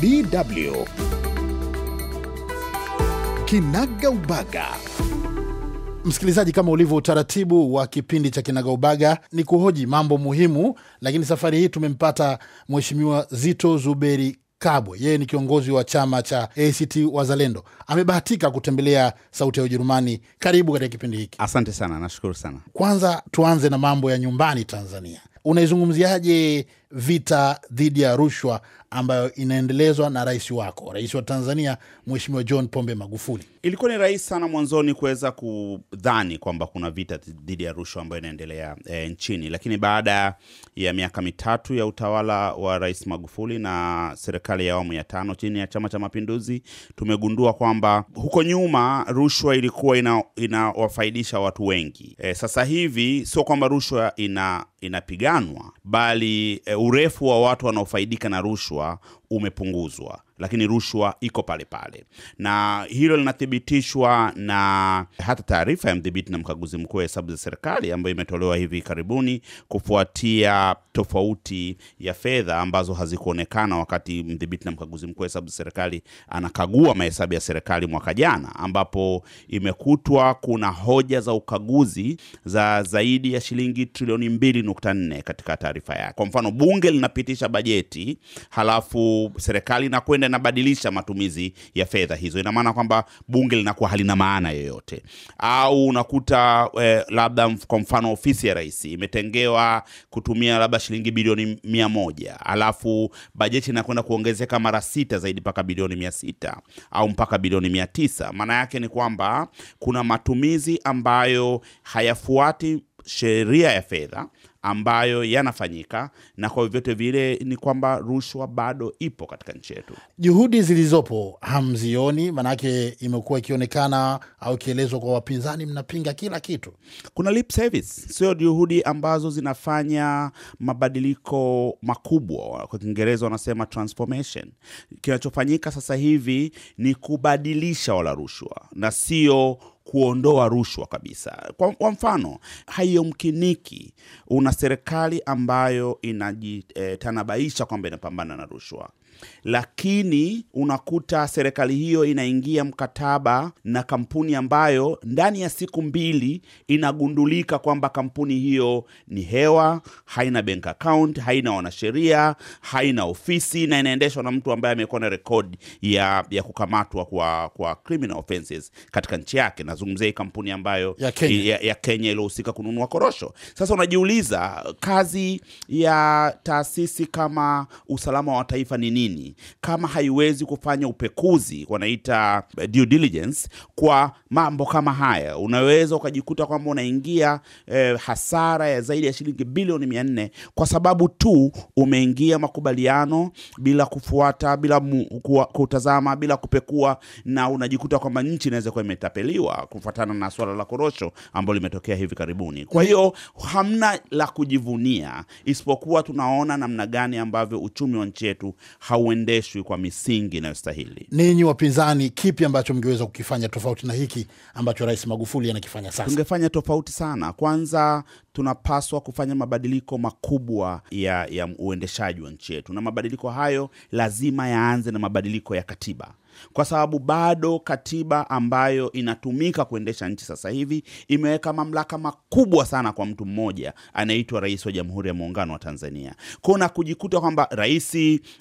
BW. Kinaga Ubaga. Msikilizaji, kama ulivyo utaratibu wa kipindi cha Kinaga Ubaga ni kuhoji mambo muhimu, lakini safari hii tumempata Mheshimiwa Zito Zuberi Kabwe. Yeye ni kiongozi wa chama cha ACT Wazalendo, amebahatika kutembelea Sauti ya Ujerumani. Karibu katika kipindi hiki. Asante sana, nashukuru sana. Kwanza tuanze na mambo ya nyumbani Tanzania. Unaizungumziaje vita dhidi ya rushwa ambayo inaendelezwa na rais wako, rais wa Tanzania Mheshimiwa John Pombe Magufuli. Ilikuwa ni rahisi sana mwanzoni kuweza kudhani kwamba kuna vita dhidi ya rushwa ambayo inaendelea e, nchini, lakini baada ya miaka mitatu ya utawala wa Rais Magufuli na serikali ya awamu ya tano chini ya Chama cha Mapinduzi, tumegundua kwamba huko nyuma rushwa ilikuwa inawafaidisha ina watu wengi. E, sasa hivi sio kwamba rushwa ina inapiganwa bali e, urefu wa watu wanaofaidika na rushwa umepunguzwa lakini rushwa iko pale pale, na hilo linathibitishwa na hata taarifa ya mdhibiti na mkaguzi mkuu wa hesabu za serikali ambayo imetolewa hivi karibuni kufuatia tofauti ya fedha ambazo hazikuonekana wakati mdhibiti na mkaguzi mkuu wa hesabu za serikali anakagua mahesabu ya serikali mwaka jana, ambapo imekutwa kuna hoja za ukaguzi za zaidi ya shilingi trilioni mbili nukta nne katika taarifa yake. Kwa mfano, bunge linapitisha bajeti halafu serikali inakwenda anaenda inabadilisha matumizi ya fedha hizo, ina maana kwamba bunge linakuwa halina maana yoyote. Au unakuta eh, labda kwa mfano ofisi ya rais imetengewa kutumia labda shilingi bilioni mia moja alafu bajeti inakwenda kuongezeka mara sita zaidi mpaka bilioni mia sita au mpaka bilioni mia tisa Maana yake ni kwamba kuna matumizi ambayo hayafuati sheria ya fedha ambayo yanafanyika, na kwa vyovyote vile ni kwamba rushwa bado ipo katika nchi yetu. Juhudi zilizopo hamzioni, maanake imekuwa ikionekana au ikielezwa kwa wapinzani, mnapinga kila kitu. Kuna lip service, sio juhudi ambazo zinafanya mabadiliko makubwa. Kwa Kiingereza wanasema transformation. Kinachofanyika sasa hivi ni kubadilisha wala rushwa na sio kuondoa rushwa kabisa. Kwa, kwa mfano haiyomkiniki una serikali ambayo inajitanabaisha eh, kwamba inapambana na rushwa lakini unakuta serikali hiyo inaingia mkataba na kampuni ambayo ndani ya siku mbili inagundulika kwamba kampuni hiyo ni hewa, haina bank account, haina wanasheria, haina ofisi na inaendeshwa na mtu ambaye amekuwa na rekodi ya, ya kukamatwa kwa, kwa criminal offenses katika nchi yake. Nazungumzia hii kampuni ambayo ya Kenya, ya, ya Kenya iliyohusika kununua korosho. Sasa unajiuliza kazi ya taasisi kama usalama wa taifa ni nini? nini kama haiwezi kufanya upekuzi, wanaita eh, due diligence, kwa mambo kama haya? Unaweza ukajikuta kwamba unaingia eh, hasara ya zaidi ya shilingi bilioni mia nne kwa sababu tu umeingia makubaliano bila kufuata, bila mu, kuwa, kutazama, bila kupekua, na unajikuta kwamba nchi inaweza kuwa imetapeliwa kufuatana na swala la korosho ambalo limetokea hivi karibuni. Kwa hiyo hamna la kujivunia, isipokuwa tunaona namna gani ambavyo uchumi wa nchi yetu ha hauendeshwi kwa misingi inayostahili. Ninyi wapinzani, kipi ambacho mngeweza kukifanya tofauti na hiki ambacho Rais Magufuli anakifanya sasa? Tungefanya tofauti sana. Kwanza, tunapaswa kufanya mabadiliko makubwa ya, ya uendeshaji wa nchi yetu, na mabadiliko hayo lazima yaanze na mabadiliko ya katiba kwa sababu bado katiba ambayo inatumika kuendesha nchi sasa hivi imeweka mamlaka makubwa sana kwa mtu mmoja anaitwa rais wa Jamhuri ya Muungano wa Tanzania. na kujikuta kwamba rais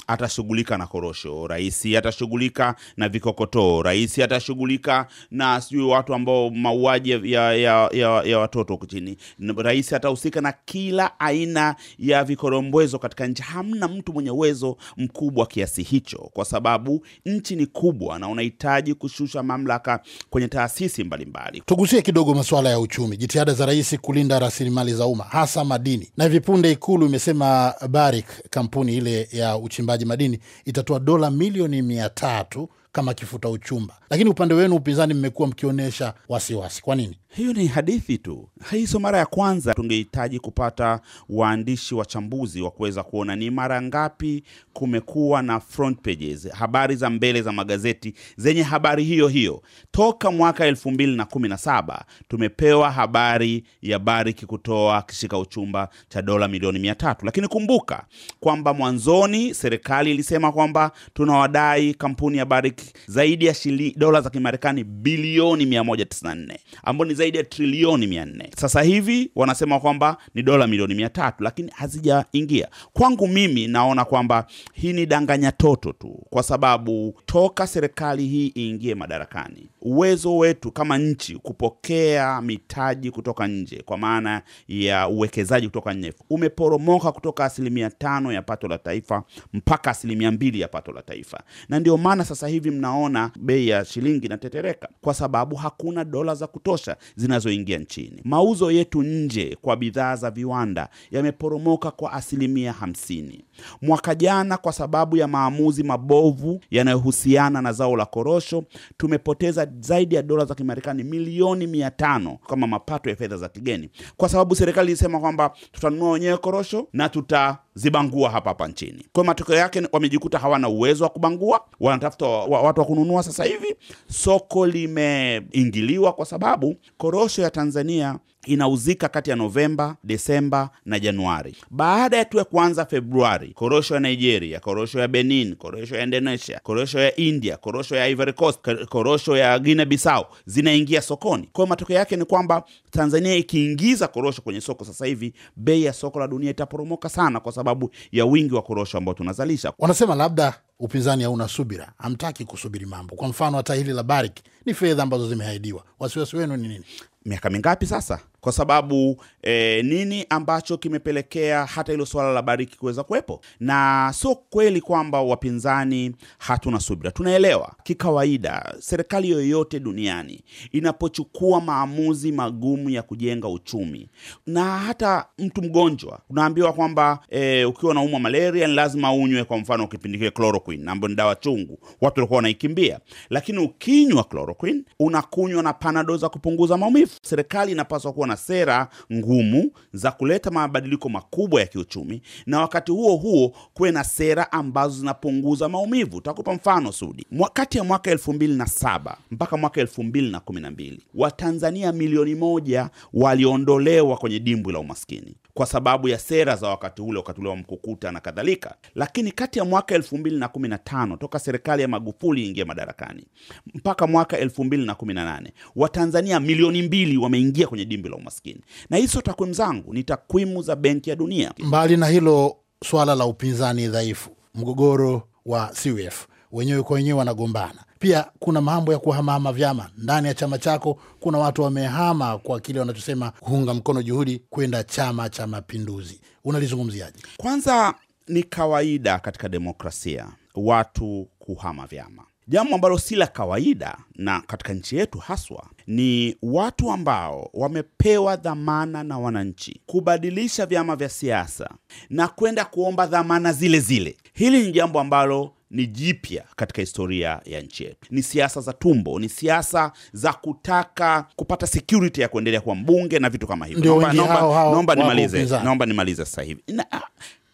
atashughulika na korosho, rais atashughulika na vikokotoo, rais atashughulika na sijui watu ambao mauaji ya, ya, ya, ya watoto chini, rais atahusika na kila aina ya vikorombwezo katika nchi. Hamna mtu mwenye uwezo mkubwa kiasi hicho, kwa sababu nchi ni mkubwa na unahitaji kushusha mamlaka kwenye taasisi mbalimbali. Tugusie kidogo masuala ya uchumi, jitihada za rais kulinda rasilimali za umma hasa madini, na hivi punde Ikulu imesema Barrick, kampuni ile ya uchimbaji madini, itatoa dola milioni mia tatu kama kifuta uchumba, lakini upande wenu upinzani mmekuwa mkionyesha wasiwasi. Kwa nini? Hiyo ni hadithi tu, hiso mara ya kwanza. Tungehitaji kupata waandishi wachambuzi wa kuweza kuona ni mara ngapi kumekuwa na front pages, habari za mbele za magazeti zenye habari hiyo hiyo. Toka mwaka elfu mbili na kumi na saba tumepewa habari ya Bariki kutoa kishika uchumba cha dola milioni mia tatu, lakini kumbuka kwamba mwanzoni serikali ilisema kwamba tunawadai kampuni ya Bariki zaidi ya dola za Kimarekani bilioni 194 ambao ni zaidi ya trilioni 4 Sasa hivi wanasema kwamba ni dola milioni 3 lakini hazijaingia. Kwangu mimi naona kwamba hii ni danganya toto tu, kwa sababu toka serikali hii iingie madarakani, uwezo wetu kama nchi kupokea mitaji kutoka nje, kwa maana ya uwekezaji kutoka nje, umeporomoka kutoka asilimia tano ya pato la taifa mpaka asilimia mbili ya pato la taifa, na ndio maana sasa hivi mnaona bei ya shilingi inatetereka kwa sababu hakuna dola za kutosha zinazoingia nchini. Mauzo yetu nje kwa bidhaa za viwanda yameporomoka kwa asilimia hamsini mwaka jana kwa sababu ya maamuzi mabovu yanayohusiana na zao la korosho. Tumepoteza zaidi ya dola za Kimarekani milioni mia tano kama mapato ya fedha za kigeni, kwa sababu serikali ilisema kwamba tutanunua wenyewe korosho na tuta zibangua hapa hapa nchini. Kwa matokeo yake wamejikuta hawana uwezo wa kubangua, wanatafuta watu wa kununua. Sasa hivi soko limeingiliwa, kwa sababu korosho ya Tanzania inauzika kati ya Novemba, Desemba na Januari. Baada ya tu ya kuanza Februari, korosho ya Nigeria, korosho ya Benin, korosho ya Indonesia, korosho ya India, korosho ya Ivory Coast, korosho ya Guinea bisau zinaingia sokoni. kwayo matokeo yake ni kwamba Tanzania ikiingiza korosho kwenye soko sasa hivi, bei ya soko la dunia itaporomoka sana, kwa sababu ya wingi wa korosho ambao tunazalisha. Wanasema labda upinzani hauna subira, hamtaki kusubiri mambo. Kwa mfano hata hili la Barrick ni fedha ambazo zimeahidiwa. Wasiwasi wenu ni nini? miaka mingapi sasa? kwa sababu e, nini ambacho kimepelekea hata hilo swala la Bariki kuweza kuwepo. Na sio kweli kwamba wapinzani hatuna subira, tunaelewa kikawaida, serikali yoyote duniani inapochukua maamuzi magumu ya kujenga uchumi, na hata mtu mgonjwa unaambiwa kwamba e, ukiwa unaumwa malaria ni lazima unywe, kwa mfano kipindi chloroquine, ambayo ni dawa chungu, watu walikuwa wanaikimbia, lakini ukinywa chloroquine unakunywa na panado za kupunguza maumivu. Serikali inapaswa kuwa na na sera ngumu za kuleta mabadiliko makubwa ya kiuchumi, na wakati huo huo kuwe na sera ambazo zinapunguza maumivu. Takupa mfano Sudi, kati ya mwaka elfu mbili na saba mpaka mwaka elfu mbili na kumi na mbili Watanzania milioni moja waliondolewa kwenye dimbwi la umaskini kwa sababu ya sera za wakati ule, wakati ule wa mkukuta na kadhalika. Lakini kati ya mwaka 215 toka serikali ya Magufuli ingia madarakani mpaka mwaka 218 Watanzania milioni mbili wameingia kwenye dimbi la umaskini, na hizo takwimu zangu ni takwimu za Benki ya Dunia. Mbali na hilo, swala la upinzani dhaifu, mgogoro wa CUF wenyewe kwa wenyewe wanagombana. Pia kuna mambo ya kuhamahama vyama ndani ya chama chako. Kuna watu wamehama kwa kile wanachosema kuunga mkono juhudi kwenda Chama cha Mapinduzi. Unalizungumziaje? Kwanza, ni kawaida katika demokrasia watu kuhama vyama. Jambo ambalo si la kawaida na katika nchi yetu haswa ni watu ambao wamepewa dhamana na wananchi kubadilisha vyama vya siasa na kwenda kuomba dhamana zile zile. Hili ni jambo ambalo ni jipya katika historia ya nchi yetu. Ni siasa za tumbo, ni siasa za kutaka kupata security ya kuendelea kuwa mbunge na vitu kama hivyo. Naomba nimalize, naomba nimalize sasa hivi. Ah,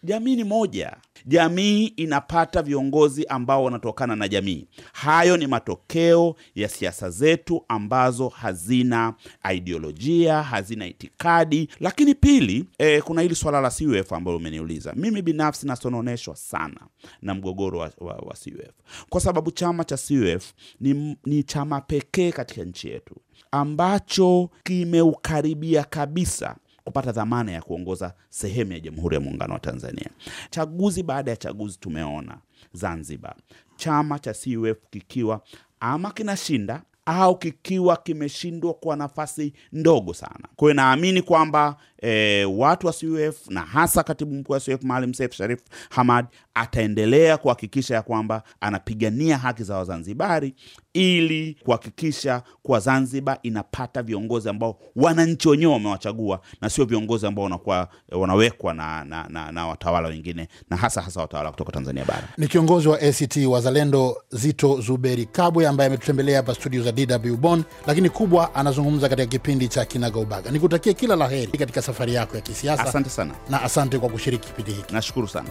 Jamii ni moja. Jamii inapata viongozi ambao wanatokana na jamii. Hayo ni matokeo ya siasa zetu ambazo hazina idiolojia hazina itikadi. Lakini pili, e, kuna hili swala la CUF ambalo umeniuliza. Mimi binafsi nasononeshwa sana na mgogoro wa, wa, wa CUF kwa sababu chama cha CUF ni, ni chama pekee katika nchi yetu ambacho kimeukaribia kabisa kupata dhamana ya kuongoza sehemu ya Jamhuri ya Muungano wa Tanzania. Chaguzi baada ya chaguzi tumeona Zanzibar chama cha CUF kikiwa ama kinashinda au kikiwa kimeshindwa kwa nafasi ndogo sana. kwayo naamini kwamba e, watu wa CUF na hasa katibu mkuu wa CUF Maalim Seif Sharif Hamad ataendelea kuhakikisha ya kwamba anapigania haki za Wazanzibari ili kuhakikisha kwa Zanzibar inapata viongozi ambao wananchi wenyewe wamewachagua na sio viongozi ambao wanakuwa wanawekwa na, na, na, na watawala wengine na hasa hasa watawala kutoka Tanzania bara. Ni kiongozi wa ACT Wazalendo Zito Zuberi Kabwe ambaye ametutembelea hapa studio za DW Bonn, lakini kubwa anazungumza katika kipindi cha Kinagaubaga. Nikutakie kila la heri katika safari yako ya kisiasa. Asante sana na asante kwa kushiriki kipindi hiki, nashukuru sana.